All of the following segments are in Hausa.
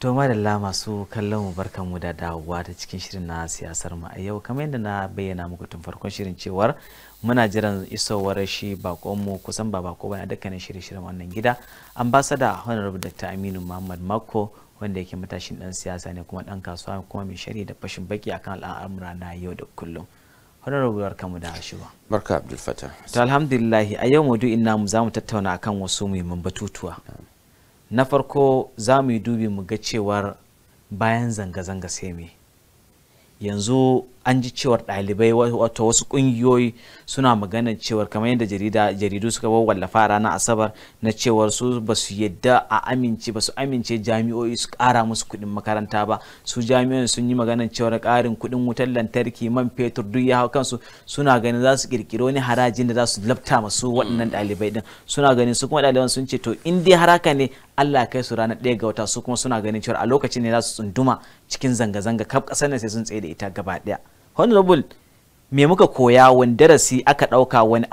to la masu kallon mu barkan mu da dawowa ta cikin shirin na siyasar mu a yau kamar yadda na bayyana muku tun farkon shirin cewar muna jiran isowar shi bakon mu kusan ba bako bane dukkanin shirye-shiryen wannan gida ambassador honorable dr aminu muhammad mako wanda yake matashin dan siyasa ne kuma dan kasuwa kuma mai shari da fashin baki akan al'amura na yau da kullum honorable barkamu da shiwa barka abdul fatah to alhamdulillah a yau mu za zamu tattauna akan wasu muhimman batutuwa na farko za mu yi dubi mu ga cewar bayan zanga-zanga sai me yanzu an ji cewar ɗalibai wato wasu ƙungiyoyi suna maganar cewar kamar yadda jarida jaridu suka wallafa ranar asabar na cewar su ba su yadda a amince ba su amince jami'o'i su ƙara musu kuɗin makaranta ba su jami'o'in sun yi maganar cewar ƙarin kuɗin wutar lantarki man fetur duk ya hau kansu suna ganin za su ƙirƙiro wani harajin da za su labta masu waɗannan mm. ɗalibai din suna ganin su kuma ɗaliban sun ce to in dai haraka ne Allah kai su ranar ɗaya ga wata su kuma suna ganin cewar a lokacin ne za su tsunduma cikin zanga-zanga kaf ƙasar nan sai sun tsaye da ita gaba ɗaya honorable me muka koya wani darasi aka ɗauka wani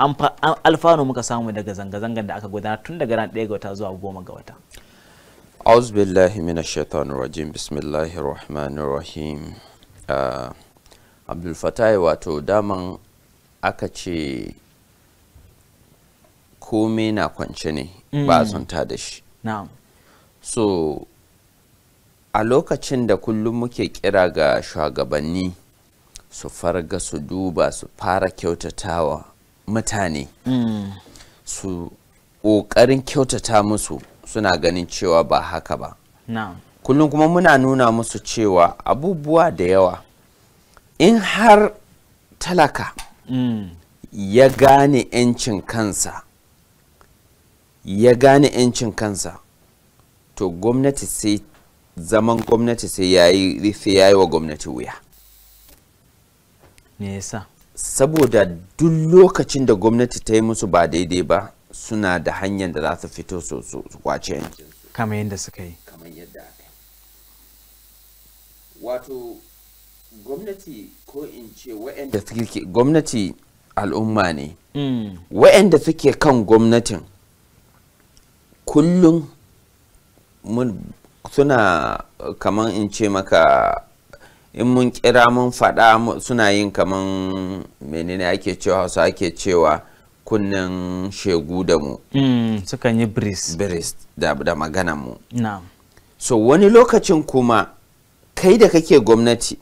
alfanu muka samu daga zanga-zangan da aka gudanar tun daga ran ɗaya ga wata zuwa goma ga wata أعوذ بالله من الشيطان الرجيم بسم الله الرحمن الرحيم عبد الفتاح واتو دامن aka ce komai na kwance ne ba mm. a ta da shi so a lokacin da kullum muke kira ga shugabanni su farga su duba su fara kyautatawa mutane su ƙoƙarin kyautata musu suna ganin cewa ba haka ba kullum kuma muna nuna musu cewa abubuwa da yawa in har talaka mm. ya gane 'yancin kansa ya gane 'yancin kansa to gwamnati sai zaman gwamnati sai ya yi wa gwamnati wuya me yasa saboda duk lokacin da gwamnati ta yi musu ba daidai ba suna da hanyar da za su fito su kwace yankin kamar yadda suka yi kamar yadda aka wato gwamnati ko in ce wa'anda suke gwamnati al'umma ne mm. wa'anda suke kan gwamnatin kullum mun suna kaman in ce maka in mun kira mun faɗa suna yin kaman menene ake cewa su ake cewa kunnen shegu da mu hmm, sukan yi bris da, magana mu so wani lokacin kuma kai da kake gwamnati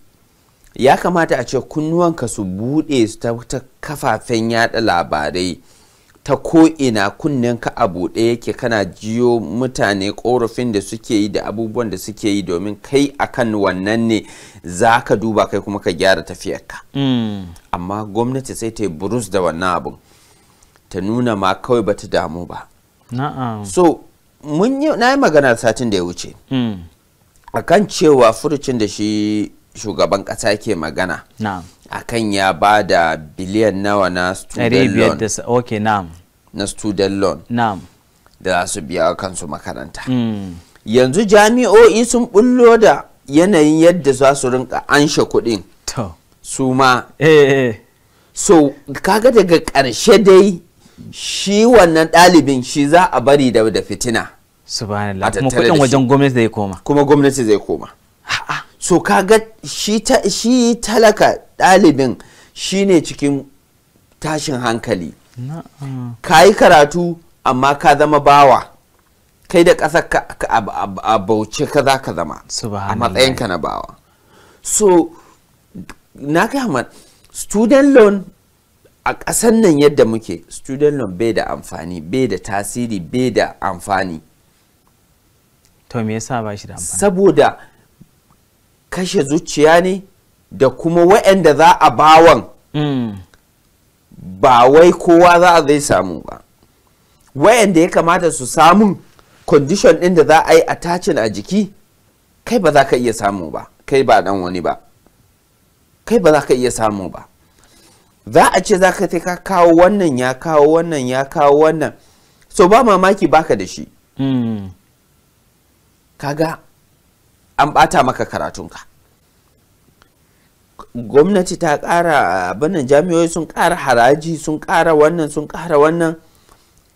ya kamata a ce kunnuwan ka su buɗe ta kafafen yada labarai ta ko'ina ka a buɗe yake kana jiyo mutane korafin da suke yi da abubuwan da suke yi domin kai akan wannan ne za ka duba kai kuma ka gyara tafiyarka ka mm. amma gwamnati sai ta yi burus da wannan abun ta nuna ma kawai ba ta damu ba so na yi magana satin da ya wuce mm. A akan cewa furucin da shi shugaban kasa ke magana akan ya ba da biliyan nawa na student loan okay, na student loan da za su biya kansu makaranta mm. yanzu jami'o'i sun bullo da yanayin yadda za su rinka anshe kuɗin su ma eh, eh, eh. so kaga daga ƙarshe dai shi wannan ɗalibin shi za a bari da fitina subhanallah kuma kudin wajen gwamnati zai koma kuma gwamnati zai koma so kaga shi talaka ɗalibin shi ne cikin tashin hankali ka yi karatu amma ka zama bawa kai da ƙasar ka a ka za ka zama a matsayinka na bawa so na kama student loan a ƙasar nan yadda muke student loan bai da amfani bai da tasiri bai da amfani to me yasa ba shi da amfani saboda kashe zuciya ne da kuma wa'anda za a bawan mm. ba wai kowa za a zai samu ba wa'anda ya kamata su samun condition ɗin da za a yi attaching a jiki kai ba za ka iya samu ba kai ba dan wani ba kai ba za ka iya samu ba za a ce za ka ka kawo wannan ya kawo wannan ya kawo wannan so ba mamaki baka da shi mm. kaga an bata maka karatunka gwamnati ta kara banan jami'oi sun kara haraji sun kara wannan sun kara wannan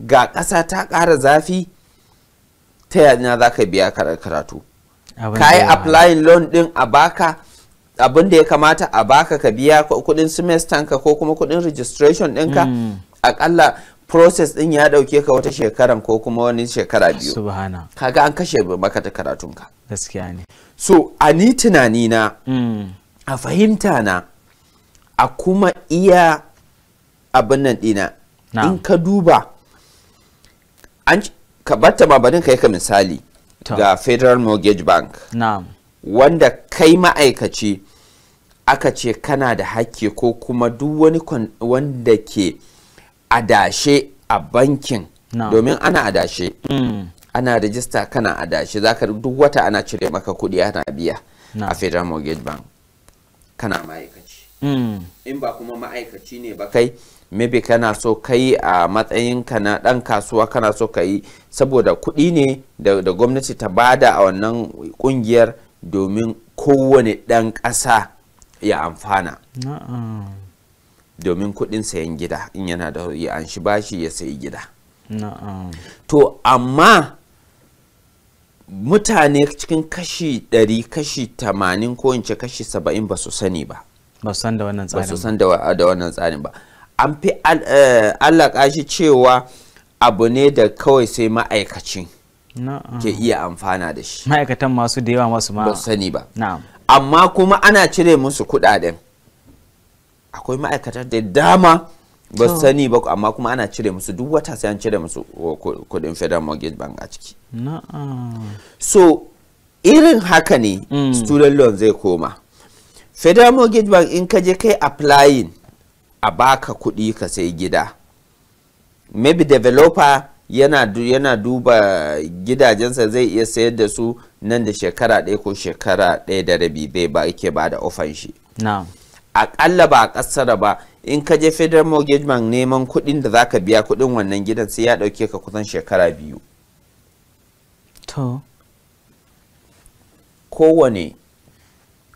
ga ƙasa ta kara zafi ta yana za ka biya karatu ka yi applying loan din a baka abin da ya kamata a baka ka biya kudin semester ka ko kuma kudin registration ɗinka hmm. akalla process ɗin ya ɗauke ka wata shekaran ko kuma wani shekara biyu kaga an kashe maka ta karatunka gaskiya ne so a ni tunani na mm. a fahimta na a kuma iya abin nan dina in ka duba an ka batta ma ka yi ka misali ga federal mortgage bank wanda kai ma'aikaci aka ce kana da hakki ko kuma duk wani wanda ke adashe a bankin domin ana adashe mm. ana rijista kana adashi ka duk wata ana cire maka kuɗi ana biya a federal mortgage bank kana ma'aikaci mm. in ba kuma ma'aikaci ne ba kai maybe kana so kai a matsayinka na dan kasuwa kana so ka saboda kuɗi ne da gwamnati ta bada a wannan ƙungiyar domin kowane ɗan kasa ya amfana domin kuɗin sayan gida in yana da an shi bashi ya sayi gida to amma mutane cikin kashi 100 kashi 80 ko in ce kashi 70 ba su sani ba ba su san da wannan tsarin ba su san da wannan tsarin ba an fi eh, allaka shi cewa abu ne da kawai sai ma'aikacin ke iya amfana da shi ma'aikatan masu da yawa masu ma ba sani ba amma kuma ana cire musu kudaden akwai ma'aikatar da dama ba su sani ba amma kuma ana cire musu duk wata sai an cire musu kudin federal mortgage bank a ciki so irin haka ne mm. student loan zai koma federal mortgage bank in ka je kai applying a baka kudi ka sai gida maybe developer yana, yana duba gidajensa zai iya sayar da su nan da shekara ɗaya ko shekara ɗaya da rabi bai ba yake ba da ofan shi aƙalla ba a ƙasar ba in ka je federal mortgage bank neman kuɗin da za ka biya kuɗin wannan gidan sai ya ɗauke ka kusan shekara biyu to kowane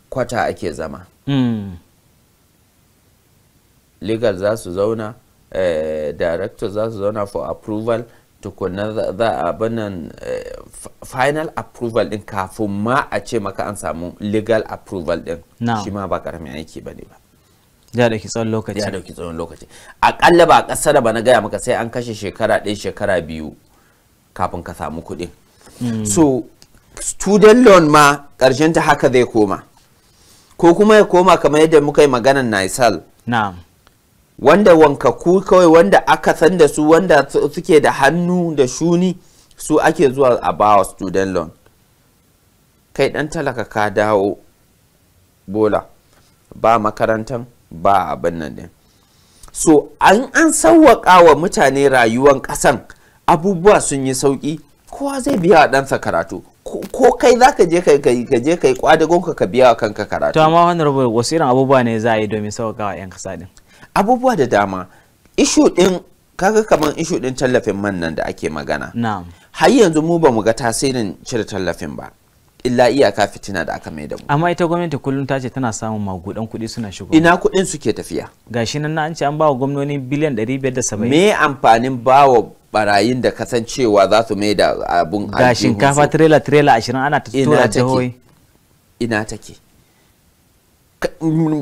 kwata ake zama mm. legal za su zauna uh, director za su zauna for approval tukunan za a banan uh, eh, final approval din kafin ma a ce maka an samu legal approval din no. shi ma ba karamin aiki ba ne ba ya dauki tsawon lokaci ya dauki tsawon lokaci akalla ba ƙasar ba na gaya maka sai an kashe shekara ɗaya shekara biyu kafin ka samu kuɗin hmm. so student loan ma ƙarshen ta haka zai koma ko kuma ya koma kamar yadda muka yi maganar naisal na'am wanda wankaku kawai wanda aka san da su wanda suke da hannu da shuni su ake zuwa a bawa student loan kai ɗan talaka ka dawo bola ba makarantan ba abin nan din so an an sauwaƙa wa mutane rayuwan kasan abubuwa sun yi sauƙi kowa zai biya wa ɗansa karatu ko kai za ka je ka je kai kwadagonka ka biya wa kanka karatu Tama wani rabu wasu irin abubuwa ne za a yi domin sauka wa 'yan kasa din abubuwa da dama ishu ɗin kaga kamar ishu ɗin tallafin man nan da ake magana na'am har yanzu mu ba mu ga tasirin cire tallafin ba illa iyaka fitina da aka mai da mu amma ita gwamnati kullum ta ce tana samun magudan kuɗi suna shigo ina kuɗin suke tafiya gashi nan an ce an ba wa gwamnoni biliyan 570 me amfanin ba wa barayin da kasancewa za su mai da abun ga shinkafa trailer trailer 20 ana tura jihohi ina take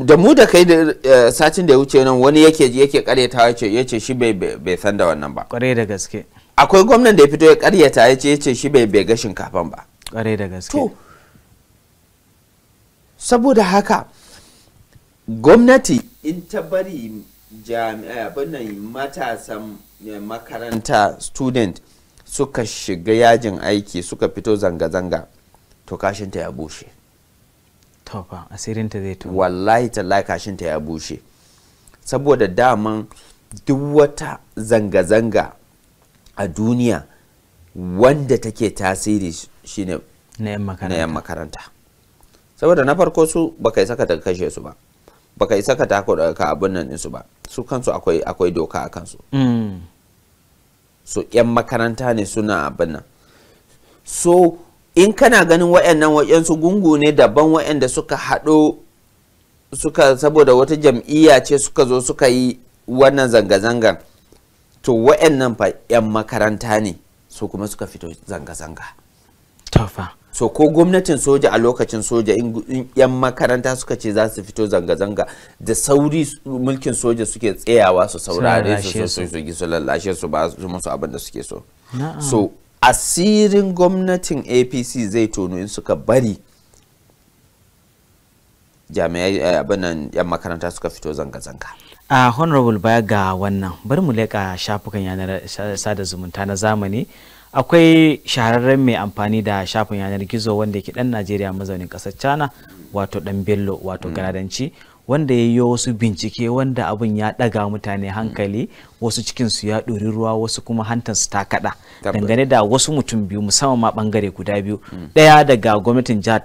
da mu da kai da eh, satin da ya wuce nan wani yake yake karyata ya ce shi bai san da wannan ba kware da gaske akwai gwamnan da ya fito ya karyata ya ce shi bai ga shinkafan ba kare da gaske to saboda haka gwamnati in ta bari bannan matasan eh, makaranta student suka shiga yajin aiki suka fito zanga-zanga to kashinta ya bushe tofa asirinta zai wallahi tallahi kashinta ya bushe saboda daman duk wata zanga-zanga a duniya wanda take tasiri shine na yan makaranta saboda na farko su baka yi saka daga kashe su ba baka yi saka tako daga ka abun nan su ba su kansu akwai akwai doka a kansu mm. so yan makaranta ne suna abin nan so in kana ganin wayan su gungu ne daban wa'yanda suka haɗo suka saboda wata jam'iyya ce suka zo suka yi wannan zanga-zangar to nan fa 'yan makaranta ne su kuma suka fito zanga-zanga Tofa. so ko gwamnatin soja a lokacin soja in yan makaranta suka ce za su fito zanga-zanga da sauri mulkin soja suke tsayawa su saurare su su su su lallashe su ba su musu abin da suke so so asirin gwamnatin apc zai tono in suka bari jami'ai eh, abin yan makaranta suka fito zanga-zanga a ah, honorable baya ga wannan bari mu leƙa shafukan yanar sada zumunta na zamani akwai shahararren mai amfani da shafin yanar gizo wanda ke dan najeriya mazaunin kasar china wato dan bello wato mm. wanda ya yi wasu bincike wanda abin ya daga mutane hankali wasu cikinsu ya ɗori ruwa wasu kuma hantansu ta kaɗa dangane da wasu mutum biyu musamman ma bangare guda biyu ɗaya daga gwamnatin jihar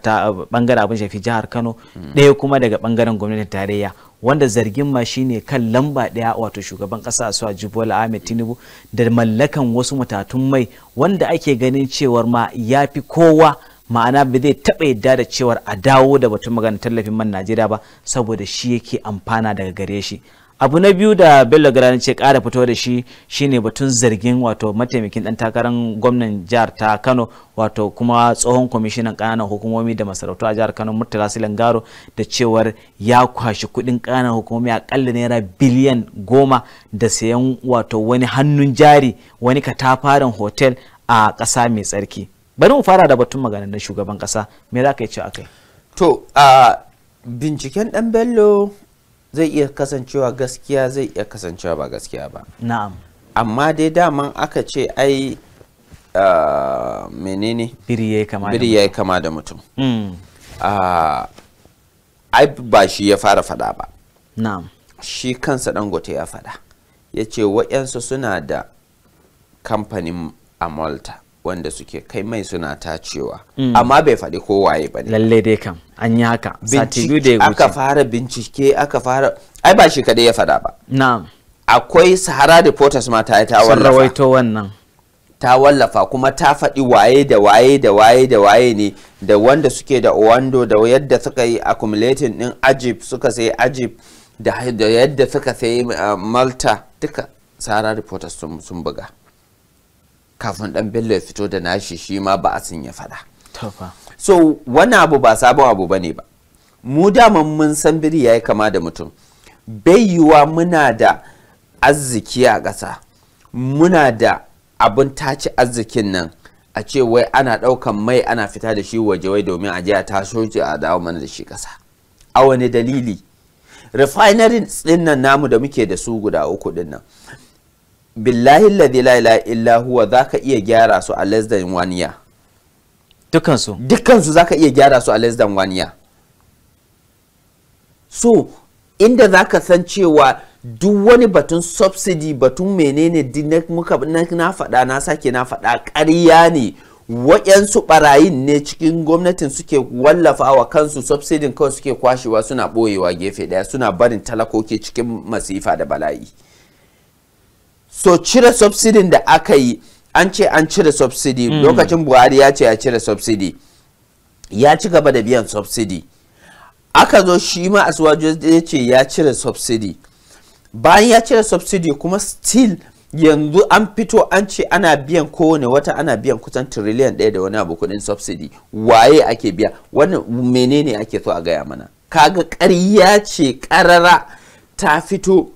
abin shafi jihar kano ɗaya kuma daga bangaren gwamnatin tarayya wanda zargin ma shine kan lamba ɗaya wato shugaban kasa su jibola Ahmed Tinubu da mallakan wasu matatun mai wanda ake ganin cewar ma ya fi kowa ma'ana ba zai taɓa yadda da cewar a dawo da batun magana tallafin man najeriya ba saboda shi yake amfana daga gare shi abu na biyu da bello garani ce ƙara fito da shi shine batun zargin wato mataimakin ɗan takarar gwamnan jihar ta kano wato kuma tsohon kwamishinan kananan hukumomi da masarautu a jihar kano murtala silangaro da cewar ya kwashi kuɗin kananan hukumomi akalla naira biliyan goma da sayan wato wani hannun jari wani katafaren hotel a ƙasa mai tsarki bari mu fara da batun maganin na shugaban kasa me za ka yi ce a kai to a binciken dan bello zai iya kasancewa gaskiya zai iya kasancewa ba gaskiya ba na'am amma dai daman aka ce ai uh, menene biri ya kama biri ya kama da mutum mm. uh, ai ba shi ya fara fada ba na'am shi kansa dangote ya fada ya ce wa'yansu suna da kamfanin a malta wanda suke kai mai suna tacewa hmm. amma bai faɗi kowaye ba ne lalle dai kam an yi haka sati biyu da ya aka fara bincike aka fara ai ba shi kadai ya faɗa ba na'am akwai sahara reporters ma ta yi ta wallafa rawaito wannan ta wallafa kuma ta faɗi waye da waye da waye da waye ne da wanda suke da owando da yadda suka yi accumulating din ajib suka sai ajib da yadda suka sai eh, malta duka sahara reporters sun buga kafin dan bello ya fito da nashi shi ma ba a sun ya fada so wani abu ba sabon abu bane ba mu daman mun san biri yayi kama da mutum bai muna da arziki a ƙasa muna da abin taci arzikin nan a ce wai ana ɗaukan mai ana fita da shi waje wai domin a je a taso a dawo mana da shi ƙasa a wani dalili refinery din nan namu da muke da su guda uku din nan billahi ladhi la ilaha illa huwa zaka iya gyara su a less than one year dukkan su dukkan zaka iya gyara su a less than one year so inda zaka san cewa duk wani batun subsidy batun menene ne muka na faɗa na sake na faɗa ƙarya ne waɗansu ɓarayin ne cikin gwamnatin suke wallafa wa kansu subsidin kawai suke kwashewa suna ɓoyewa gefe ɗaya suna barin talakoki cikin masifa da bala'i. so cire subsidy da aka yi an ce an cire subsidi hmm. lokacin buhari ya ce ya cire subsidi ya ci gaba da biyan subsidi aka zo shi ma asuwajo ya ce ya cire subsidi bayan ya cire subsidi kuma still yanzu an fito an ce ana biyan kowane wata ana biyan kusan trillion ɗaya da wani abu kuɗin subsidi waye ake biya wannan menene ake so a gaya mana kaga ƙarya ce ƙarara ta fito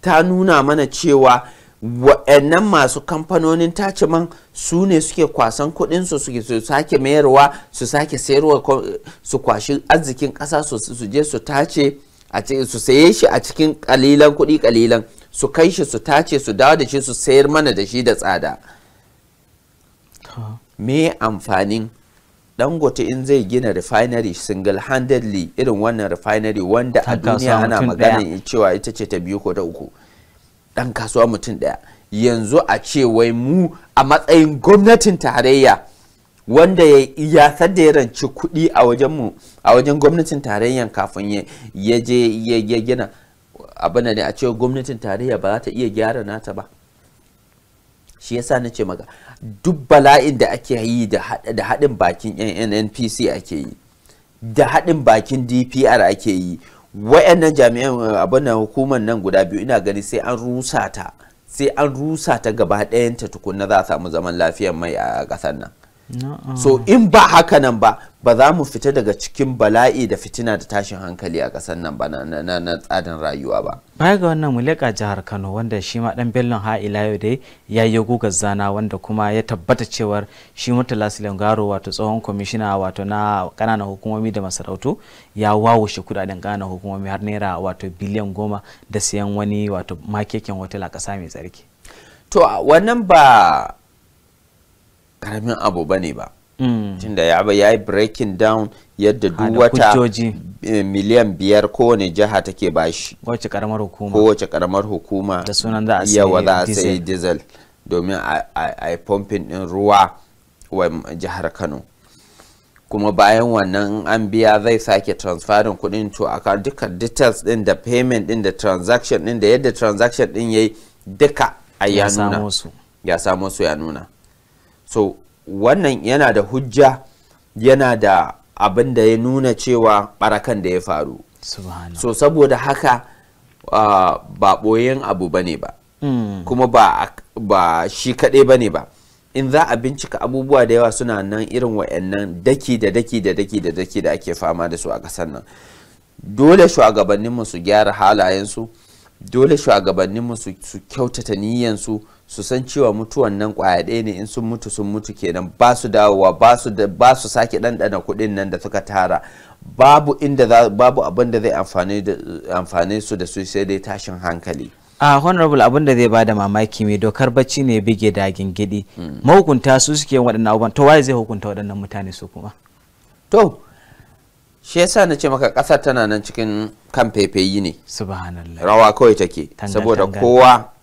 ta nuna mana cewa waɗannan masu kamfanonin tace man su ne suke kwasan kudinsu su sake mayarwa su sake sayarwa su kwashi arzikin ƙasa su je su tace su saye shi a cikin kalilan kuɗi kalilan su kai shi su tace su dawo da shi su sayar mana da shi da tsada me amfanin dangote in zai gina refinery single handedly irin wannan refinery wanda a duniya ana magana cewa ita ce ta biyu ko ta uku dan kasuwa mutum ɗaya yanzu a ce wai mu a matsayin gwamnatin tarayya wanda ya iyasar da ya ranci kuɗi a wajen mu a wajen gwamnatin tarayyan kafin ya je ya gina abin ne a ce gwamnatin tarayya ba za ta iya gyara nata ba shi yasa na ce maka duk bala'in da ake yi da haɗin bakin nnpc ake yi da haɗin bakin dpr ake yi wayannan jami'an eh, abin nan hukumar nan guda biyu ina gani sai an rusa ta sai an rusa ta gaba ɗayanta tukunna za a samu zaman lafiyar mai a ƙasar nan so in ba haka nan ba ba za mu fita daga cikin bala'i da fitina da tashin hankali a ƙasar nan ba na tsadin rayuwa ba baya ga wannan mu leƙa jihar kano wanda shi ma dan bello ha'ila yau dai ya yi gugar zana wanda kuma ya tabbata cewar shi murtala silangaro wato tsohon kwamishina wato na kanana hukumomi da masarautu ya wawushe kudaden ƙananan hukumomi har naira wato biliyan goma da siyan wani wato makekin hotel a ƙasa mai tsarki to wannan ba karamin abu bane ba mm. tunda ya ba ya yi breaking down yadda duk wata eh, miliyan biyar kowane jiha take bashi kowace karamar hukuma kowace karamar hukuma da sunan za a yawa za a sai diesel domin a yi pumping din ruwa wa jihar kano kuma bayan wannan an biya zai sake transferin kudin to account duka details din da payment din da transaction din da yadda transaction din ya yi duka a ya nuna ya samu su ya nuna so wannan yana da hujja yana da abin da ya nuna cewa barakan da ya faru so saboda haka uh, ba ɓoyen abu bane ba hmm. kuma ba, shi kaɗai bane ba in za a bincika abubuwa da yawa suna nan irin wa'annan daki da daki da daki da daki da ake fama da su a ƙasar nan dole shugabanninmu su gyara halayensu dole shugabanninmu su kyautata niyyansu su san cewa mutuwan nan kwaya ɗaya ne in sun mutu sun mutu kenan ba su dawowa ba su sake ɗanɗana kuɗin nan da suka tara babu inda babu abin da zai amfane su da su sai dai tashin hankali a ah, honorable abin da zai bada mamaki mai dokar bacci ne bige da gingidi hmm. mahukunta su suke waɗannan abubuwan to waye zai hukunta waɗannan mutane su kuma to shi yasa na ce maka ƙasar tana nan cikin kan fefeyi ne subhanallah rawa kawai take saboda kowa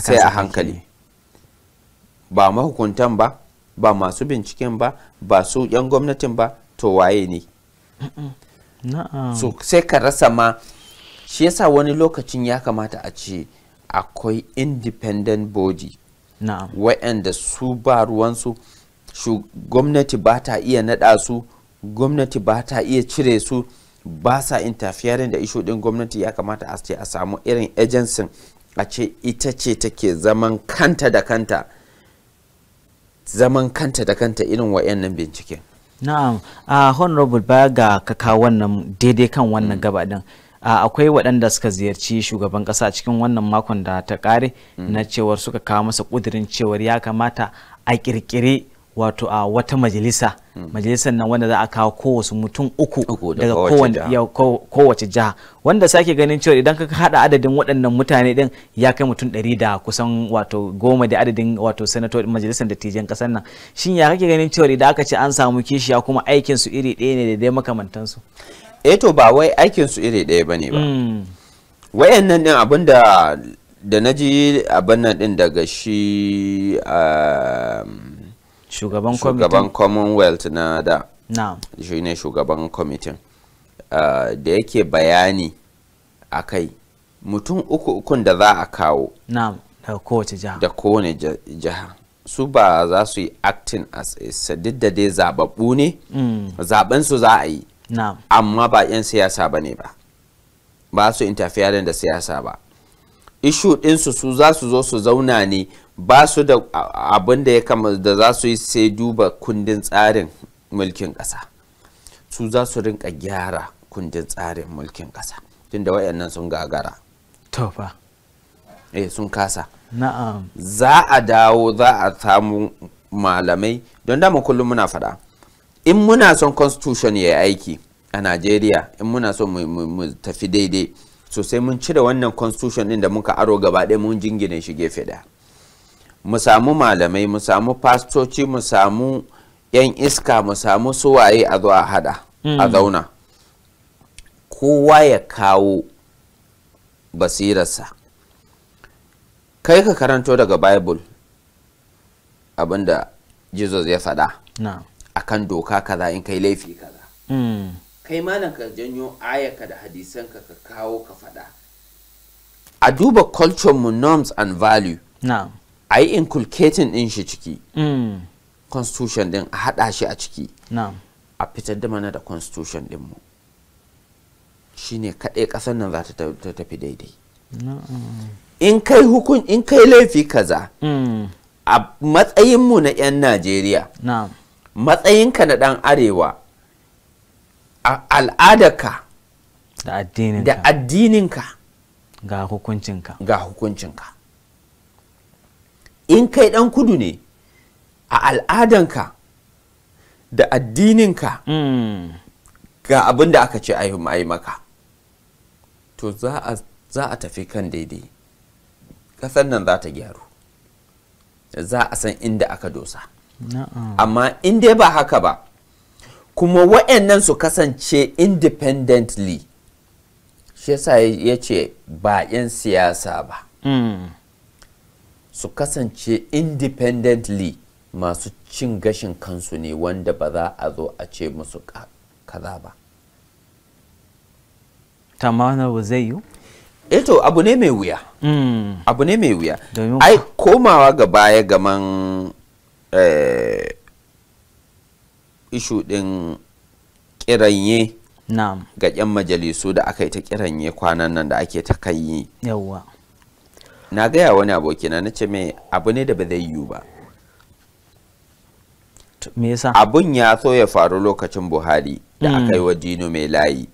sai a hankali ba mahukuntan ba ba masu binciken ba ba su yan gwamnatin ba to waye ne so sai ka rasa ma shi yasa wani lokacin ya kamata a ce akwai independent body wa'anda su ba ruwansu gwamnati ba ta iya naɗa su gwamnati ba ta iya cire su ba sa interfering da isho din gwamnati ya kamata a ce a samu irin agency a ce ita ce take zaman kanta da kanta zaman kanta da kanta irin wa'annan bincike. na'am a uh, honorable baya ga kaka wannan daidai kan wannan mm. gaba gabaɗin uh, akwai waɗanda suka ziyarci shugaban ƙasa cikin wannan makon da ta ƙare mm. na cewar suka kawo masa ƙudurin cewar ya kamata a ƙirƙiri wato a wata majalisa hmm. majalisar nan wanda za a kawo kowace mutum uku daga kowace jiha wanda sake ganin cewa idan ka hada adadin waɗannan mutane din ya kai mutum ɗari da kusan wato goma da adadin wato sanato majalisar dattijan ƙasar nan shin ya kake ganin cewa idan aka ce an samu kishiya kuma aikin su iri ɗaya ne da dai makamantansu eh to ba wai aikin su iri ɗaya bane ba hmm. wayannan din abin da da na ji abin nan din daga shi ah, shugaban shugaban commonwealth na da shi ne shugaban kwamitin uh, da yake bayani a kai mutum uku ukun da za a kawo da kowace jiha da kowane jiha su ba za su yi acting as a sadidda da dai zababbu ne mm. zaben su za a yi amma ba 'yan siyasa ba ne ba ba su interfere da siyasa ba ishu ɗinsu su za su zo su zauna ne ba su da abin da ya kama da za su yi sai duba kundin tsarin mulkin ƙasa su za su rinka gyara kundin tsarin mulkin ƙasa tunda wayannan sun gagara tofa eh sun kasa na'am za a dawo za a samu malamai don dama kullum muna faɗa in muna son constitution ya aiki a najeriya in muna son mu tafi daidai sosai mun cire wannan constitution din da muka aro gaba ɗaya mun jingine shi gefe ɗaya mu samu malamai mu samu fastoci mu samu 'yan iska mu samu suwaye a zuwa a hada a hmm. zauna kowa ya kawo basirarsa kai ka karanto daga bible abinda jesus ya faɗa akan doka kaza in kai laifi kaza hmm. kai malam ka janyo ayaka da hadisanka ka kawo ka faɗa a duba culture mu norms and value a yi inculcating din shi ciki mm. constitution din a haɗa shi a ciki a fitar da mana da constitution dinmu shi ne kaɗai ƙasar nan za ta tafi daidai in kai hukun in kai laifi kaza mm. a matsayinmu na 'yan najeriya matsayinka na ɗan arewa al'adarka da addininka ga hukuncinka ga hukuncinka in kai ɗan kudu ne a al'adanka da addininka hmm. ga abin da aka ce a yi maka to za a tafi kan daidai ƙasar nan za ta gyaru za a san inda aka dosa amma in dai ba haka ba kuma wa'annan su kasance independently shi yasa ya ce ba 'yan siyasa ba hmm. su kasance independently masu cin gashin kansu ne wanda ba za a zo a ce musu kaza ba tamana zai yi eto eh abu ne mai wuya hmm. abu ne mai wuya ai komawa ga baya gaman eh, ishu din kiranye ga 'yan majalisu da aka yi ta kiranye kwanan nan da ake ta kai yawwa na gaya wani abokina na ce mai abu ne da ba zai yiwu ba abun ya so ya faru lokacin buhari da mm. aka yi wa dino mai layi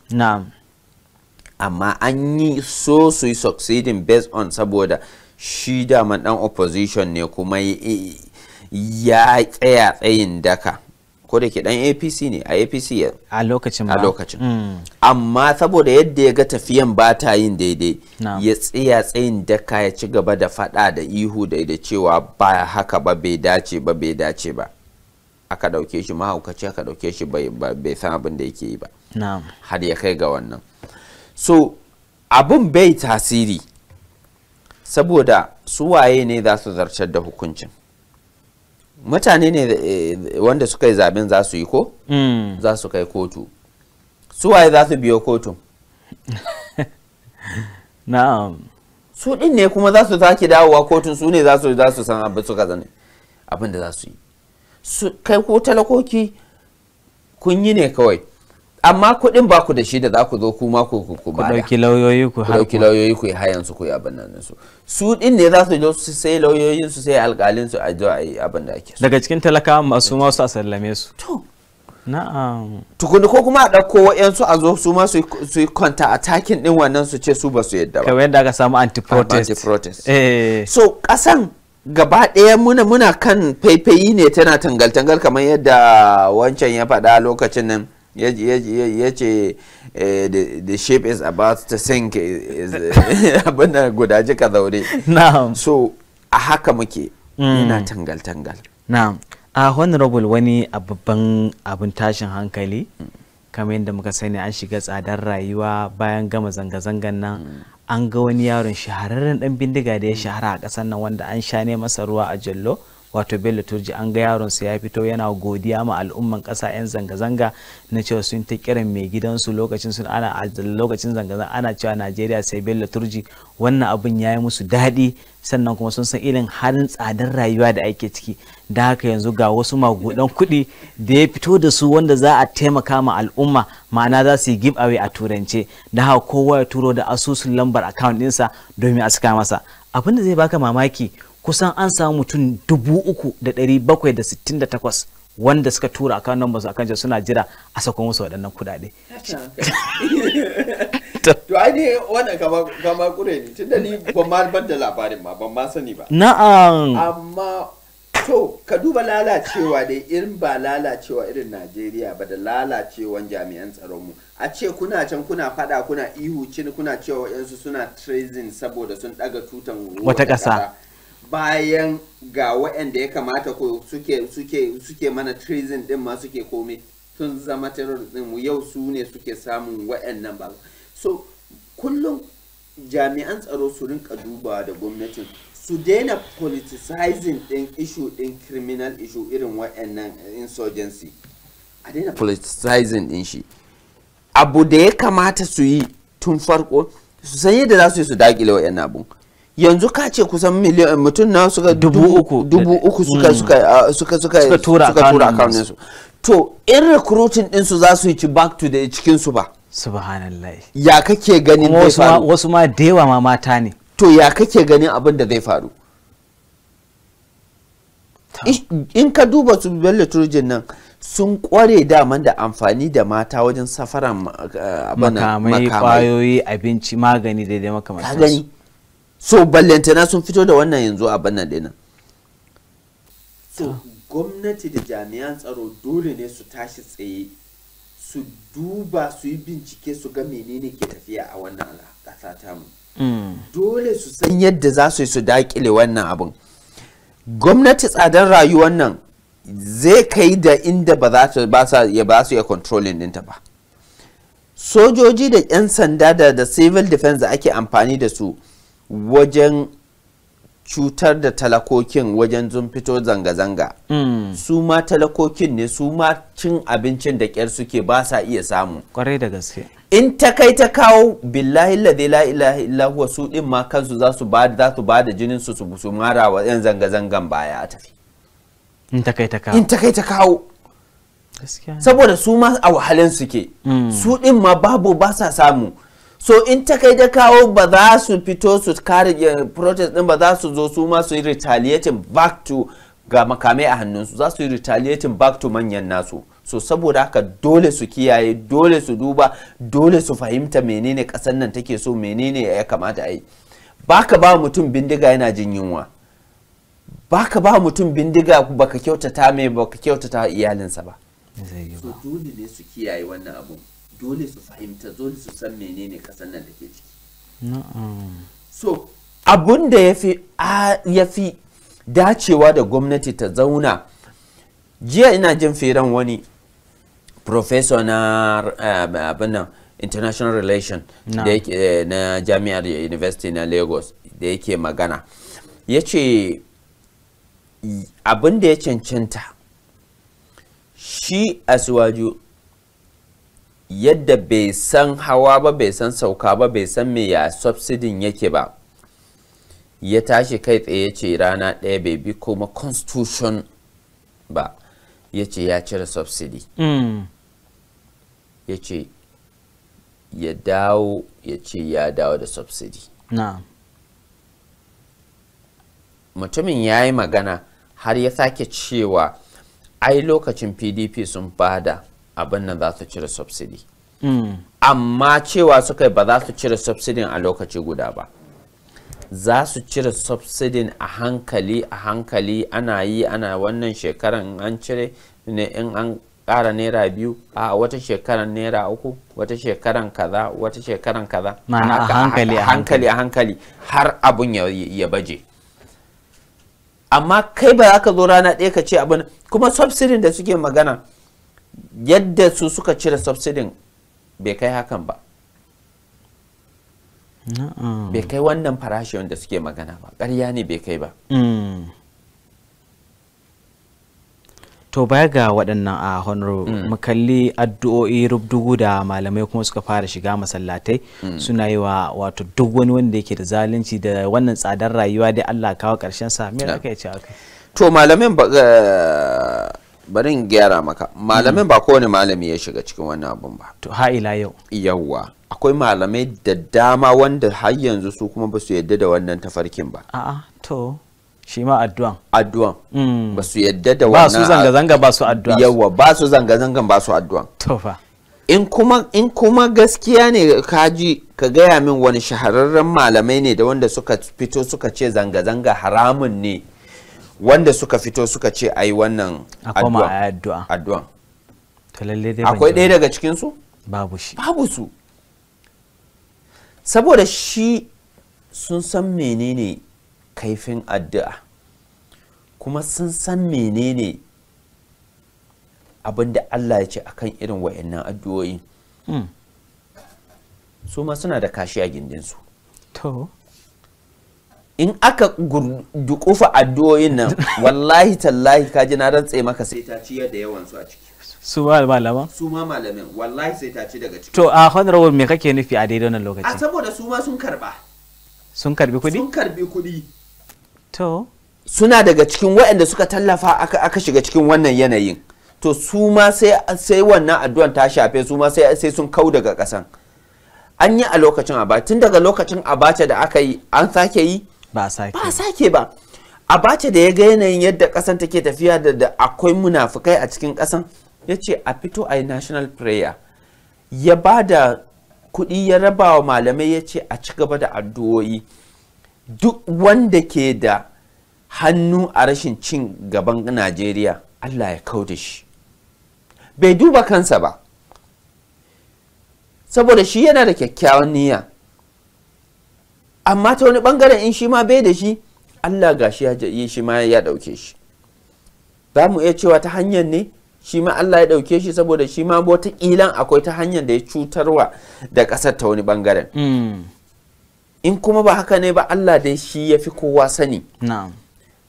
amma an yi so su yi succeeding based on saboda shi daman dan opposition ne kuma ya tsaya tsayin daka ko da ke dan apc ne a apc ya a lokacin ba a lokacin hmm. amma saboda yadda ya ga tafiyan ba ta yin daidai ya tsaya tsayin daka ya ci gaba da fada da ihu da da cewa ba haka ba bai dace ba bai dace ba aka dauke shi mahaukaci aka dauke shi bai san abin da yake yi ba har ya kai ga wannan so abin bai tasiri saboda su waye ne za su zartar da hukuncin mutane ne eh, wanda suka yi zaben za su yi ko hmm. za su kai kotu su waye za su biyo kotun na'am su din ne kuma za su zaki dawowa kotun su ne za su za su san abin suka zane abin da za su yi su kai ko talakoki kun yi ne kawai amma kuɗin ba ku da shi da za ku zo kuma ku ku ku dauki lauyoyi ku har lauyoyi ku hayan su ku yi abin nan su su din ne za su zo su sai lauyoyin su sai alƙalin su a zo yi abin da ake daga cikin talakawa masu ma su a sallame su to na'am tukuni ko kuma a ɗauko waɗansu a zo su ma su yi kwanta a takin din wannan su ce su ba su yadda ba kamar yadda aka samu anti protest anti protest eh so ƙasan gaba ɗaya muna muna kan faifayi ne tana tangal tangal kamar yadda wancan ya faɗa lokacin nan ya ce eh, the ship is about to sink eh, eh, abin da gudaje ka zaure so a haka muke hmm. ina tangal-tangal a honorable wani babban abin tashin hankali kamar yadda muka sani an shiga tsadar rayuwa bayan gama zanga-zangan nan an ga wani yaron shahararren dan bindiga da ya shahara a ƙasar nan wanda an sha ne masa ruwa a jallo wato bello turji an ga yaron sa ya fito yana godiya ma al'umman kasa yan zanga-zanga na cewa sun ta kiran mai gidansu lokacin sun ana lokacin zanga-zanga ana cewa najeriya sai bello turji wannan abun ya yi musu daɗi sannan kuma sun san irin halin tsadar rayuwa da ake ciki da haka yanzu ga wasu magudan kuɗi da ya fito da su wanda za a taimaka ma al'umma ma'ana za su yi give away a turance da haka kowa ya turo da asusun lambar account ɗinsa domin a saka masa abin da zai baka mamaki kusan an samu mutum dubu uku da dari bakwai da sittin da takwas wanda suka tura a kan numbers akan suna jira a sakon musu waɗannan kudade. To ai ne wannan kama kure ne tunda ni ban ma ban da labarin ma ban ma sani ba. Na'am. Amma to ka duba lalacewa dai irin ba lalacewa irin Najeriya ba da lalacewan jami'an tsaron mu. A ce kuna can kuna fada kuna ihu cin kuna cewa yansu suna treason saboda sun daga tutan wata ƙasa. bayan ga waɗanda ya kamata ko suke mana treason din ma suke komai tun zama terror din mu yau su ne suke samun waɗannan ba so kullum jami'an tsaro su rinka duba da gwamnatin su daina politicizing din issue din criminal issue irin waɗannan insurgency a daina politicizing din shi abu da ya kamata su yi tun farko su san yadda za su yi su dakile waɗannan abun yanzu ka ce kusan miliyan mutum na suka dubu uku dubu uku suka mm. suka suka suka tura akaunin su to in rekrutin din su za su yi back to the cikin su ba subhanallah ya kake ganin zai faru wasu ma da yawa ma mata ne to ya kake ganin abin da zai faru in ka duba su bello turjin nan sun kware daman da amfani da mata wajen safaran eh, makamai kwayoyi abinci magani daidai makamantansu so ballantana sun fito da wannan yanzu a bannan dinan so gwamnati da jami'an tsaro dole ne su tashi tsaye su duba su yi bincike su ga menene ke tafiya a wannan ƙasa mu hmm. dole su san yadda za su yi su dakile wannan abin gwamnati tsadar rayuwar nan zai kai da inda ba za su ba su ya controlling ɗinta ba sojoji da 'yan sanda da civil defense da ake amfani da su wajen cutar da talakokin wajen zun fito zanga-zanga mm. su ma talakokin ne su ma cin abincin da ƙyar suke ba sa iya samu kwarai da gaske in ta kai ta kawo billahi la ilaha illa su din ma kansu za su ba da su ba da jinin su su mara wa yan zanga-zangan baya a tafi in ta kai ta kawo in ta kai ta kawo saboda su ma a wahalin suke mm. su din ma babu ba sa samu so in ta kai da kawo ba za su fito su kare eh, protest din ba za su zo su ma su yi back to ga makamai a hannunsu za su yi retaliating back to manyan nasu so saboda haka dole su kiyaye dole su duba dole su fahimta menene kasan nan take so menene ya kamata a yi baka ba mutum bindiga yana jin yunwa baka ba mutum bindiga baka kyautata mai baka kyautata iyalinsa ba dole ne su kiyaye wannan abu dole su fahimta dole su san menene kasan nan da ke ciki so abun da ya fi dacewa da gwamnati ta zauna jiya ina jin firan wani professor na eh, abin nan international relation eh, na jami'ar university na lagos da yake magana ya ce abin da ya cancanta shi asuwaju yadda bai san hawa ba bai san sauka ba bai san me ya subsidin yake ba ya tashi kai tsaye ce rana ɗaya bai bi kuma constitution ba ya ce ya cire subsidy hmm. ya ce ya dawo ya ce ya dawo da subsidy mutumin ya yi magana har ya sake cewa ai lokacin pdp sun bada abin nan za su cire subsidy hmm. amma cewa suka yi ba za su cire subsidin a lokaci guda ba za su cire subsidin a hankali a hankali ana yi ana wannan shekaran an cire ne in an ƙara naira biyu a wata shekaran naira uku wata shekaran kaza wata shekaran kaza a hankali a hankali a hankali har abun ya baje amma kai ba za ka zo rana ɗaya ka ce abin kuma subsidin da suke magana yadda su suka cire subsidin bai kai hakan ba bai kai wannan farashi wanda suke magana ba ƙarya ne bai kai ba mm. to baya ga waɗannan a honro mm. mukalli addu'o'i rubdugu da malamai kuma suka fara shiga masallatai mm. suna yi wa wato duk wani wanda yake da zalunci da wannan tsadar rayuwa dai Allah kawo ƙarshen sa me aka ce to malamin bari in gyara maka malamin mm. ba kowane malami ya shiga cikin wannan abun ba to ha ila yau yawwa akwai malamai da dama wanda har yanzu su kuma ba su yadda da wannan tafarkin ba a'a to shi ma addu'an addu'an mm. ba su yadda da wannan ba su zanga zanga ba su addu'an. yawwa ba su zanga zangan ba su addu'an to fa in kuma in kuma gaskiya ne kaji ka gaya min wani shahararren malamai ne da wanda suka fito suka ce zanga zanga haramun ne wanda suka fito suka ce a yi wannan addu'an akwai ɗaya daga cikinsu babu shi babu su saboda shi sun san menene kaifin addu'a kuma sun san menene abin da Allah ya ce a kan irin wa'annan addu'o'i hmm. su ma suna da kashi a gindinsu to in aka dukufa addu'o'in nan wallahi tallahi kaji na rantse maka sai ta ciyar da yawan su a ciki su ma malaman su ma malamin wallahi sai ta ci daga ciki to a honorable me kake nufi a daidai wannan lokaci a saboda su ma sun karba sun karbi kuɗi sun karbi kuɗi to suna daga cikin waɗanda suka tallafa aka aka shiga cikin wannan yanayin to su ma sai sai wannan addu'an ta shafe su ma sai sai sun kau daga ƙasan an yi a lokacin abacha tun daga lokacin abacha da aka yi an sake yi ba a sake ba a bace da ya ga yanayin yadda kasan take tafiya da akwai munafukai a cikin kasan ya ce a fito a national prayer ya ba da kuɗi ya raba wa malamai ya ce a ci gaba da addu'o'i duk wanda ke da hannu a rashin cin gaban najeriya allah ya kau da shi bai duba kansa ba saboda shi yana da kyakkyawan niyya amma ta wani bangaren in shi ma bai da shi Allah gashi ya yi shi ma ya dauke shi za mu iya cewa ta hanyar ne shi ma Allah ya dauke shi saboda shi ma wata kilan akwai ta hanyar da ya cutarwa da kasar ta wani bangaren hmm. in kuma ba haka ne ba Allah dai shi ya fi kowa sani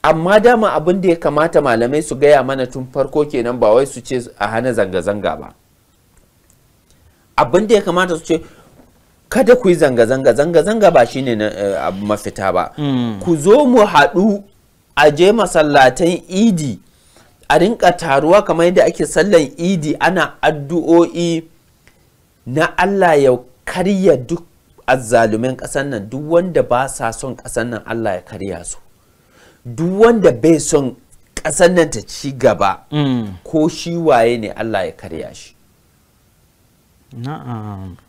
amma dama abin da ya kamata malamai su gaya mana tun farko kenan ba wai su ce a hana zanga-zanga ba abin da ya kamata su ce kada ku yi zanga-zanga zanga-zanga ba shine na eh, abu mafita ba hmm. ku zo mu haɗu a je masallatan idi a rinka taruwa kamar yadda ake sallan idi ana addu'o'i na Allah ya karya duk azzalumin ƙasar nan duk wanda ba sa son ƙasar nan Allah ya karya su duk wanda bai son ƙasar nan ta ci gaba hmm. ko shi waye ne Allah ya karya shi na'am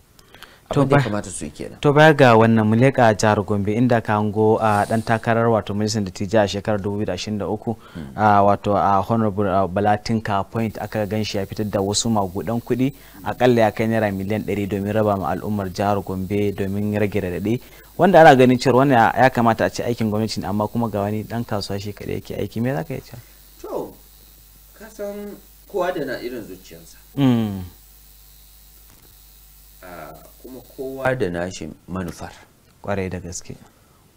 to ba ga wannan mu a jihar Gombe inda ka hango a dan takarar wato majalisar tijiya a shekarar 2023 hmm. wato a honorable Balatinka point aka shi ya fitar da wasu magudan kuɗi akalla ya kai naira miliyan 100 domin raba ma al'ummar jihar Gombe domin rage radadi wanda ana ganin cewa wannan ya kamata a ci aikin gwamnati amma kuma ga wani dan kasuwa shi kadai yake aiki me zaka yi to kasan kowa da na irin zuciyarsa hmm. ah, kuma kowa da nashi manufar kwarai da gaske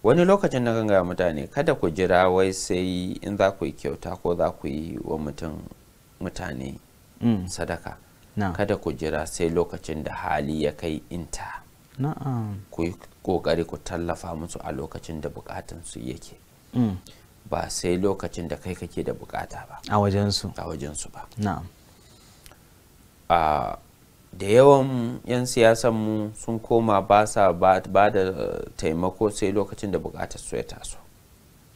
wani lokacin na ganga mutane kada ku jira wai sai in za ku yi kyauta ko za ku yi wa mutum mutane mm. sadaka no. kada ku jira sai lokacin da hali ya kai inta no. ku yi kokari ku tallafa musu a lokacin da su yake mm. ba sai lokacin da kai kake da bukata ba a wajensu a wajensu ba no. da yawan 'yan siyasan mu sun koma ba sa ba da taimako sai lokacin da bukatar su ya taso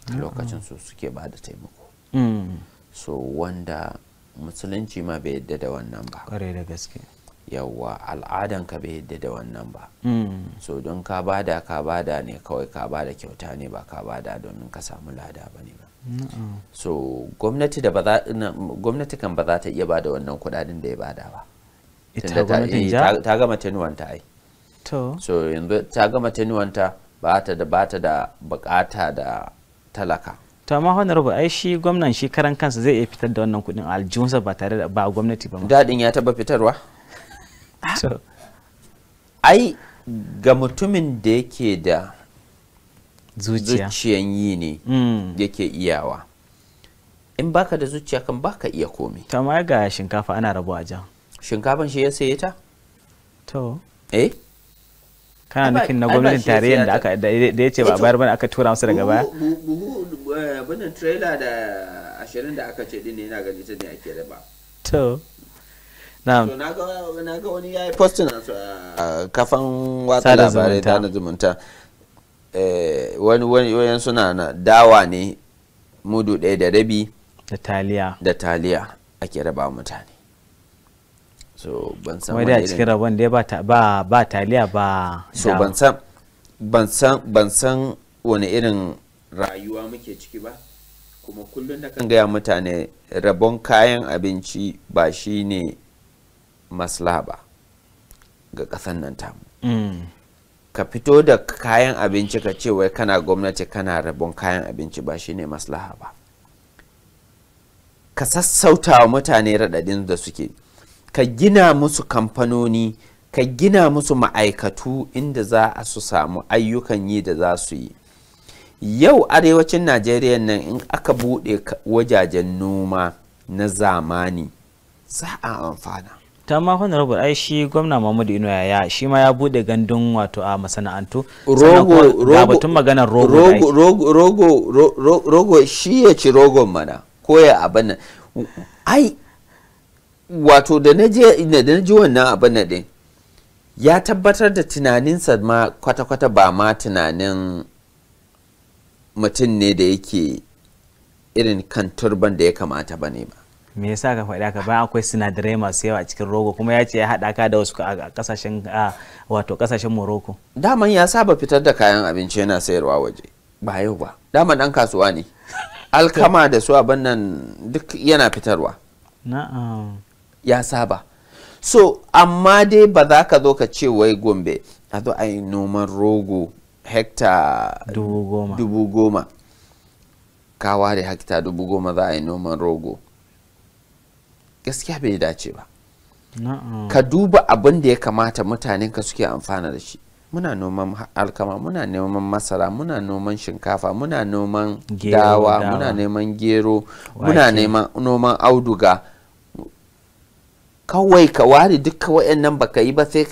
mm. lokacin su suke ba da taimako mm. so wanda musulunci ma bai yadda da wannan ba ƙwarai da gaske yawwa al'adanka bai yadda da wannan ba mm. so don ka bada ka bada ne kawai ka bada kyauta ne ba ka bada domin ka samu lada ba ne ba so gwamnati kan ba za ta iya bada wannan kudaden da ya bada ba ita gwamnatin eh, jiha ta gama tenuwanta ai to so yanzu ta gama tenuwanta ba ta da ba ta da bukata da talaka to amma honorable ai shi gwamnan shi karan kansa zai iya fitar da wannan kudin aljihunsa ba tare da ba gwamnati ba dadin ya taba fitarwa ah. to ai ga mutumin da yake da zuciyan yi ne mm. yake iyawa in baka da zuciya kan baka iya komai. amma ga shinkafa ana rabo a jan. shinkafan shi ya saye ta to eh kana nufin na gwamnatin tarayyar da aka da ya ce ba eh bayar bane aka tura musu daga baya buhu eh, bunan trailer da ashirin da aka ce dinne yana gani ta ne ake raba to na'am na ga wani yayi posting a eh, kafan watsa labarai ta na zumunta wani wani suna na dawa ne mudu ɗaya da rabi da taliya da taliya ake raba mutane so ban san wani cikin rabon da ba ba ba taliya ba so ban san ban san ban san wani irin rayuwa muke ciki ba kuma kullum da kan gaya mutane rabon kayan abinci ba shi ne maslaha ba ga kasan nan tamu mm. ka fito da kayan abinci ka ce wai kana gwamnati kana rabon kayan abinci ba shi ne maslaha ba ka sassauta wa mutane raɗaɗin da suke ka gina musu kamfanoni ka gina musu ma'aikatu inda za a su samu ayyukan yi da za su yi yau arewacin najeriya nan in aka buɗe wajajen noma na zamani za a amfana ta ma honorable ai shi gwamna mahmudu ino yaya shi ma ya bude gandun wato a masana'antu rogo rogo batun maganar rogo rogo rogo rogo shi ya ci rogon mana ko ya abin ai wato da na je ji wannan abin na din ya tabbatar da tunaninsa ma kwata-kwata ba ma tunanin mutum ne da yake irin kan turban da ya kamata ba ne ba me yasa ka faɗi haka bayan akwai sinadarai masu yawa a cikin rogo kuma ya ce ya haɗa ka da wasu a kasashen wato kasashen morocco daman ya saba fitar da kayan abinci yana sayarwa waje ba yau ba daman ɗan kasuwa ne alkama da su abin nan duk yana fitarwa na'am ya saba so amma dai ba za ka zo ka ce wai gombe a zo a yi noman rogo hekta dubu goma ka ware hekta dubu goma za a yi noman rogo gaskiya bai dace ba ka duba abin da ya kamata mutanen ka suke amfana da shi muna noman alkama muna noman masara muna noman shinkafa muna noman dawa muna neman gero muna neman auduga kawai ka ware duka ba baka yi ba sai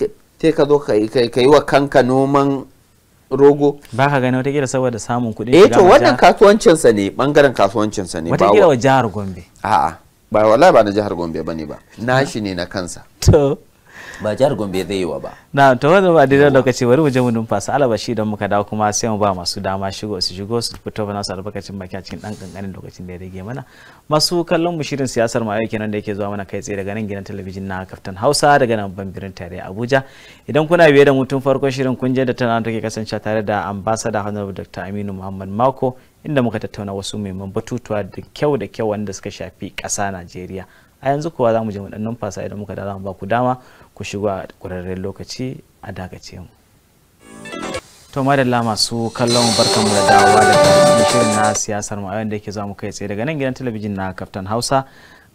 ka zo ka yi wa kanka noman rogo ba ka gani watakila saboda samun kuɗin eh, shiga eh to wannan kasuwancinsa ne bangaren kasuwancinsa ne watakila wa jihar gombe a'a ba wallahi ba na jihar gombe ba ne ba nashi ne na kansa to ba jihar gombe zai yi wa ba na to wanda ba daidai lokaci bari mu je mu numfasa shi don muka dawo kuma sai mu ba masu dama shigo su shigo su fito ba nasu albarkacin baki a cikin dan kankanin lokacin da ya rage mana masu kallon mu shirin siyasar ma yau kenan da yake zuwa mana kai tsaye daga nan gidan talabijin na kaftan hausa daga nan ban birnin tare abuja idan kuna biye da mu tun farko shirin kun je da tana take kasance tare da ambassador honorable dr aminu muhammad mako inda muka tattauna wasu muhimman batutuwa da kyau da kyau wanda suka shafi ƙasa najeriya a yanzu kuwa za mu je mu dan numfasa idan muka da za mu ba ku dama ku shigo a ƙwararren lokaci a dagace mu to madalla masu kallon barkan mu da dawowa da shirin na siyasar mu a yanda yake zamu kai tsaye daga nan gidan talabijin na kaftan hausa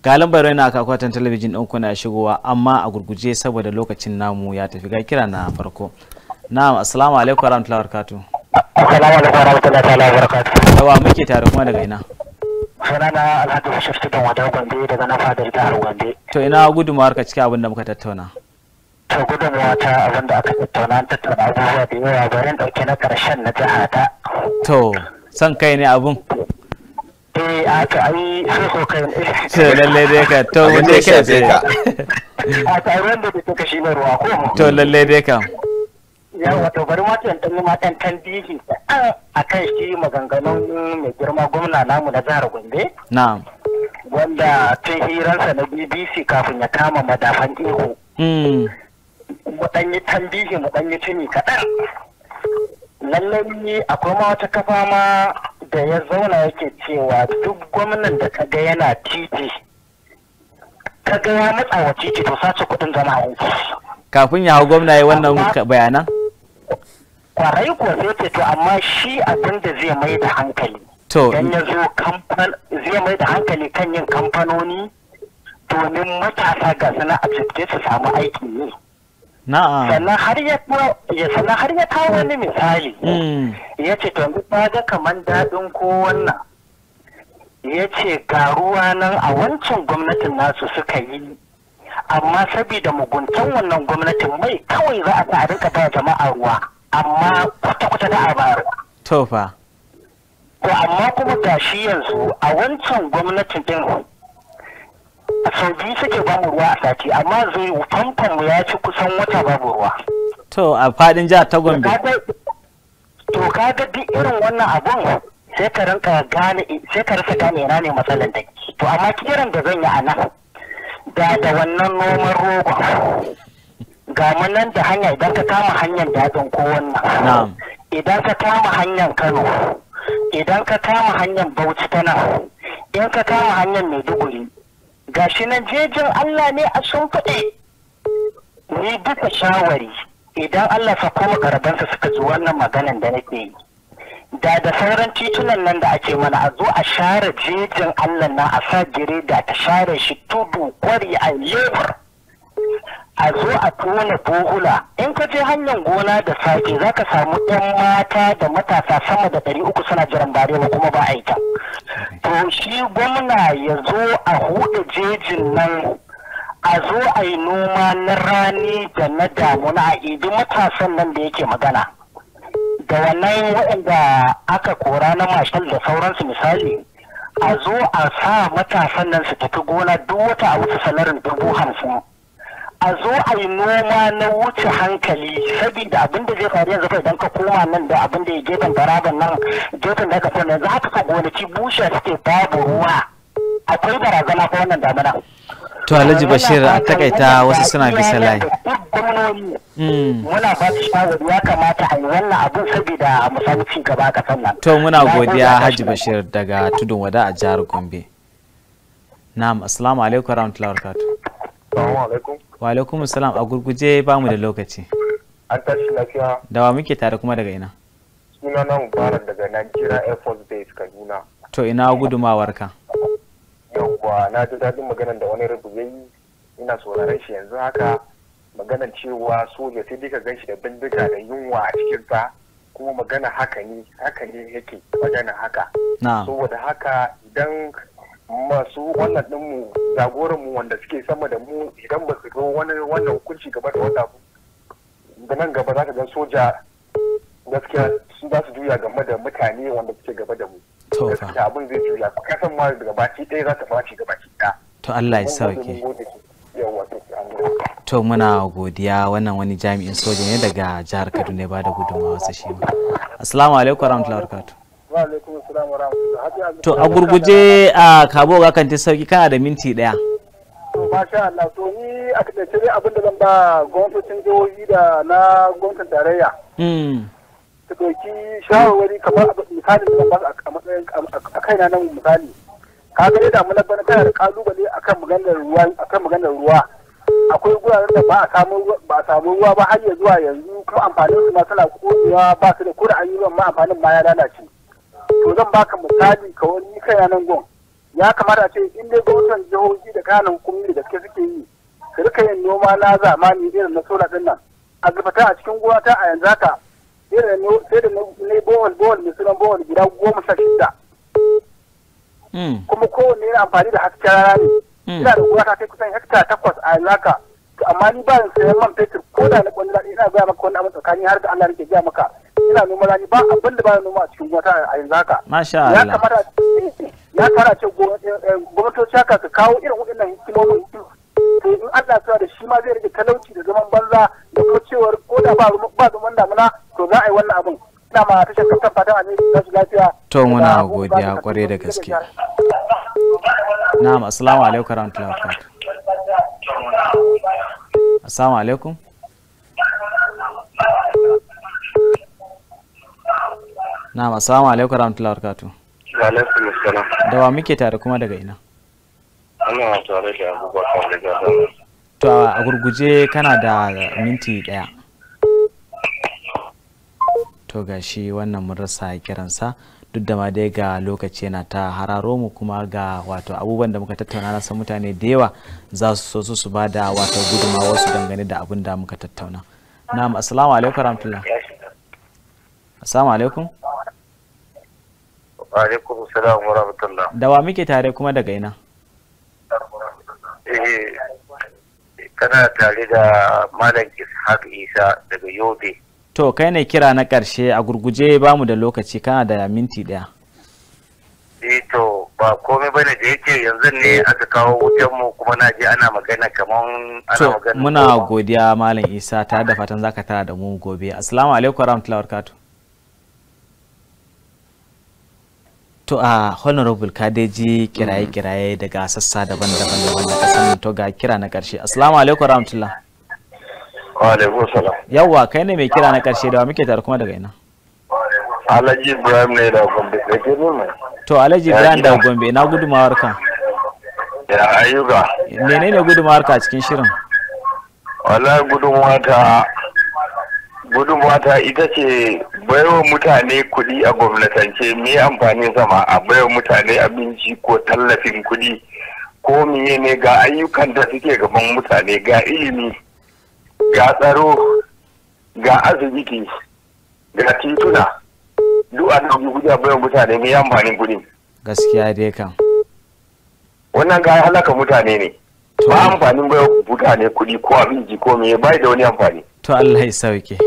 ga lambar raina a kakwatan talabijin ɗin kuna shigowa amma a gurguje saboda lokacin namu ya tafi ga kira na farko na'am assalamu alaikum warahmatullahi wabarakatuh assalamu alaikum warahmatullahi wabarakatuh yawa muke tare kuma daga ina sunana alhaji shafi tudun wadau gombe daga na fadar jihar gombe to ina gudunmawar ka cikin abin da muka tattauna ta gudunmuwa ta abin da aka tattauna an tattauna abubuwa da yawa bayan ɗauki na ƙarshen na jiha ta. To, son kai ne abun. Eh, a ta ayi sai so kai ne. Sai lallai dai ka, to wanda ya kai sai. A ta ayi wanda da kashi shi na ruwa ko. To, lallai dai ka. Ya wato bari ma tuyan ɗan ma ɗan tambihi ah, a kan shi maganganun mai girma gwamna namu na jihar Gombe. Na'am. Wanda tun hirarsa na BBC kafin ya kama madafan ihu. Hmm. mu dan yi tambihi mu dan yi tuni kaɗan lallai akwai ma wata kafa ma da ya zauna yake cewa duk gwamnan da ka ga yana titi ka ga ya matsa wa titi to sace kuɗin zama a kafin ya hau gwamna ya wannan bayanan kwarai kuwa sai ce to amma shi abin da zai mai da hankali to ya zo zai mai da hankali kan yin kamfanoni domin matasa ga cikin su samu aiki ne. sannan har ya kawo wani mm. misali mm. ya ce to ba ga kamar daɗin ko wannan ya ce ga ruwa nan a wancan gwamnatin nasu suka yi amma saboda muguntan wannan gwamnatin mai kawai za a rinka ba jama'a ruwa amma kwata-kwata da a To fa. To amma kuma gashi yanzu a wancan gwamnatin din sau biyu suke babu ruwa a sati amma zai famfon mu ya ci kusan wata babu ruwa to a fadin jihar ta gombe to ka ga duk irin wannan abun sai ka rinka gane sai ka rasa gane ina ne matsalar da to amma kiran da zan yi a nan da da wannan noman roba ga nan da hanya idan ka kama hanyar dadin ko wannan idan ka kama hanyar kano idan ka kama hanyar bauchi ta nan in ka kama hanyar maiduguri gashi nan jejin Allah ne a sun faɗi ni duka shawari idan Allah fa kuma karabansa suka ji wannan maganan da nake yi da da sauran titunan nan da ake mana a zo a share jejin Allah na a sa gire da ta share shi tudu kwari a lebur a zo a tona bohula in ka je hanyar gona da safe za ka samu 'yan mata da matasa sama da ɗari uku suna jiran bare ba kuma ba aika to shi gwamna ya zo a huda jejin nan a zo a yi noma na rani da na damuna a idi matasan nan da yake magana da wannan waɗanda aka kora na mashal da sauransu misali a zo a sa matasan nan su tafi gona duk wata a wasu salarin dubu hamsin a zo a yi noma na wuce hankali saboda abin da zai faru yanzu idan ka koma nan da abin da ya gefen baraban nan gefen da aka kone za ka gonaki bushe suke babu ruwa akwai barazana ko wannan damina to alhaji bashir a takaita wasu suna bisa layi mm. muna ba su ya kamata a yi wannan abin saboda a musamman ci gaba a kasan nan to muna godiya alhaji bashir daga tudun wada a jihar gombe na'am assalamu alaikum warahmatullahi wabarakatuh Wa alaikum a gurguje ba mu da lokaci. An tashi lafiya. Da wa muke tare kuma daga ina? Suna na Mubarak daga Nigeria Air Force Base Kaduna. To ina gudumawar ka? Yawwa na ji daɗin maganar da wani rubu ya yi ina sauraron shi yanzu haka maganar cewa soja sai dai ka gan shi da bindiga da yunwa a cikin sa kuma magana haka ne haka ne yake magana haka. Saboda haka idan masu wannan dinmu jagoranmu wanda suke sama da mu idan ba su ga wani wannan hukunci gaba da wata da nan gaba za ka ga soja gaskiya su za su juya game da mutane wanda suke gaba da mu gaskiya abin zai juya ka kasan ma gabaci ɗaya za ta faci gabaci ɗaya to Allah ya sauke to muna godiya wannan wani jami'in soja ne daga jihar Kaduna ba da gudunmawa sa shi ma assalamu alaikum warahmatullahi wabarakatuh To a gurguje a kabo ga kan sauki kana da minti daya. To sha Allah to ni a kace dai abin da zan ba gwamnatin jihohi da na gwamnatin tarayya. Mm. Ta doki shawarwari kamar misali da ba a matsayin a kaina nan misali. Ka ga da mun bana kana da kalubale akan maganar ruwa akan maganar ruwa. Akwai guraren da ba a samu ba a samu ruwa ba har ya zuwa yanzu kuma amfanin su ma suna kodewa ba su da kura ayyukan ma amfanin ma ya lalace. to zan baka misali ka wani kai nan gon ya kamata a ce in dai gwamnatin jihohi da kanan hukumomi da gaske suke yi su rika yin noma na zamani irin na sola din nan a zubata a cikin ta a yanzu haka irin sai da na bowal bowal mai sunan bowal gida goma sha shida hmm. kuma kowanne yana amfani da hasken rana ne hmm. ina da ta kai kusan hekta takwas a yanzu haka amma ni ba sayan man fetur ko da na kwallon ina gaya maka wani abin tsakani har da Allah nake gaya maka ina noma rani ba abin da ba noma a cikin wata a yanzu haka masha Allah ya kamata ya kara ce eh, gwamnatoci haka ka kawo irin waɗannan hikimomin to in Allah ya da shi ma zai rage talauci da zaman banza da kuma cewar ko da ba ba zaman damuna to za a yi wannan abin ina ma ta kaftan fatan a ne su lafiya to muna godiya kwarai da gaske na'am assalamu alaikum warahmatullahi wabarakatuh assalamu alaikum na'am assalamu alaikum warahmatullahi wabarakatuh wa alaikum assalam da wa muke tare kuma daga ina ana tare da abubakar daga to a gurguje kana da minti daya to gashi wannan mun rasa kiransa duk da ma dai ga lokaci yana ta hararo mu kuma ga wato abubuwan da muka tattauna na san mutane da yawa za su so su ba da wato gudunmawa su dangane da abin da muka tattauna na'am assalamu alaikum warahmatullahi. assalamu alaikum alaikum salam wa rahmatullah da wa muke tare kuma daga ina eh kana tare da malam ishaq isa daga yobe to kai ne kira na karshe a gurguje ba mu da lokaci kana da minti daya eh to ba komai bane da yake yanzu ne aka kawo wutan mu kuma na je ana magana kaman ana magana muna godiya malam isa ta da fatan zaka tara da mu gobe assalamu alaikum warahmatullahi wabarakatuh to a honorable kadeji kiraye-kiraye daga sassa daban-daban daban na kasan to ga kira na karshe assalamu alaikum rahmatullah wa alaikum salam yawwa kai ne mai kira na karshe da muke tare kuma daga ina alhaji ibrahim ne da gombe da ke nuna to alhaji ibrahim da gombe na gudumawar ka ya ayyuka menene gudumawar ka cikin shirin wallahi gudumawar ta gudunmuwa ta ita ce baiwa mutane kuɗi a gwamnatance mai amfani zama a baiwa mutane abinci ko tallafin kuɗi ko miye ne ga ayyukan da suke gaban mutane ga ilimi ga tsaro ga asibiti ga tituna duk an yi kuɗi a baiwa mutane mai amfanin kuɗi gaskiya dai kan wannan ga halaka mutane ne ba amfanin baiwa mutane kuɗi ko abinci ko miye bai da wani amfani to Allah ya sauke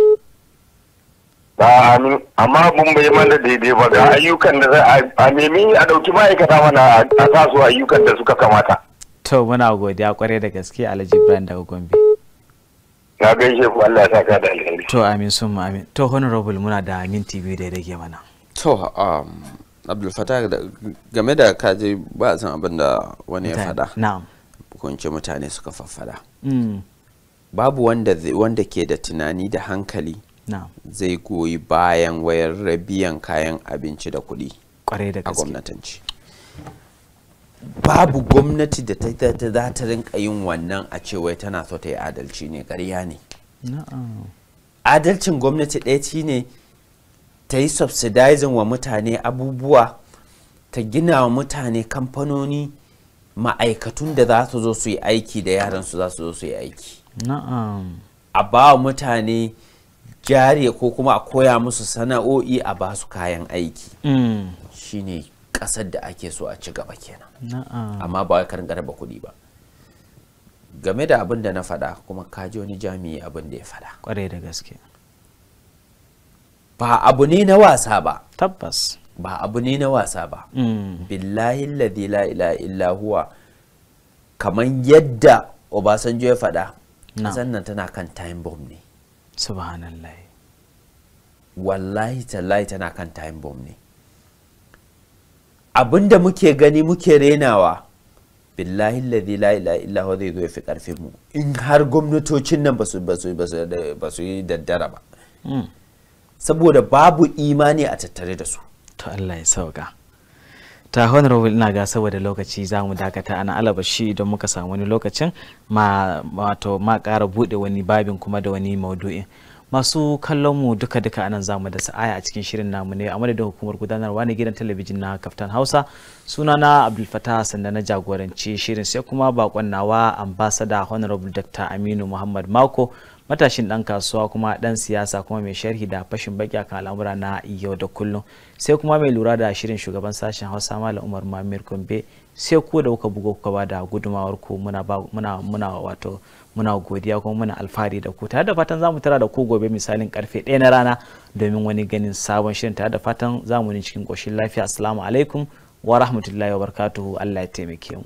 amma abun bai mana daidai ba da ayyukan da a nemi a ɗauki ma'aikata mana a sa su ayyukan da suka kamata. To muna godiya kwarai da gaske Alhaji Ibrahim daga Gombe. Na gaishe ku Allah ya saka da alheri. To amin sun amin. To honorable muna da minti tv da ya rage mana. To um, Abdul Fatah game da kaje ba san abin da wani ya faɗa. Na'am. Kunce mutane suka faffada. Mm. Babu wanda ke da tunani da hankali. zai goyi bayan wayar rabiyan kayan abinci da kuɗi a gwamnatanci babu gwamnati da ta za ta rinka yin wannan a cewa tana so ta yi adalci ne ƙarya ne adalcin gwamnati ɗaya ci ne ta yi subsidizing wa mutane abubuwa ta gina wa mutane kamfanoni ma'aikatun da za su zo su yi aiki da yaran su za su zo su yi aiki a ba mutane gyare ko kuma a koya musu sana'o'i a ba su kayan aiki mm. shine kasar da ake so a ci gaba kenan amma ba wai karin garba kuɗi ba game da abin da na faɗa kuma ka ji wani jami'i abin da ya faɗa kwarai da gaske ba abu ne na wasa ba tabbas ba abu ne na wasa ba mm. billahi ladhi la ilaha illa huwa kamar yadda obasanjo ya faɗa kasar nan tana kan time bomb ne subhanallah wallahi tallahi tana kan time bomb ne abinda muke gani muke renawa billahi alladhi la ilaha illa huwa zai zo ya fi karfin mu in har gwamnatocin nan ba su ba su yi daddara ba hmm. saboda babu imani a tattare da su to Allah ya sauka ta honorable ina ga saboda lokaci za mu dakata ana alaba shi idan muka samu wani lokacin ma wato ma ƙara buɗe wani babin kuma da wani maudu'in masu kallon mu duka duka anan za mu da sa'aya a cikin shirin namu ne a madadin hukumar gudanarwa na gidan talabijin na kaftan hausa sunana abdul fatah sanda na jagoranci shirin sai kuma bakon nawa ambassador honorable dr aminu muhammad mako matashin dan kasuwa kuma dan siyasa kuma mai sharhi da fashin baki akan al'amura na yau da kullum sai kuma mai lura da shirin shugaban sashen hausa malam umar mamir gombe sai ku da kuka bugo kuka ba da gudumawar ku muna muna muna wato muna godiya kuma muna alfahari da ku tare da fatan zamu tara da ku gobe misalin karfe 1 na rana domin wani ganin sabon shirin tare da fatan zamu ni cikin koshin lafiya assalamu alaikum wa rahmatullahi wa barakatuhu Allah ya taimake mu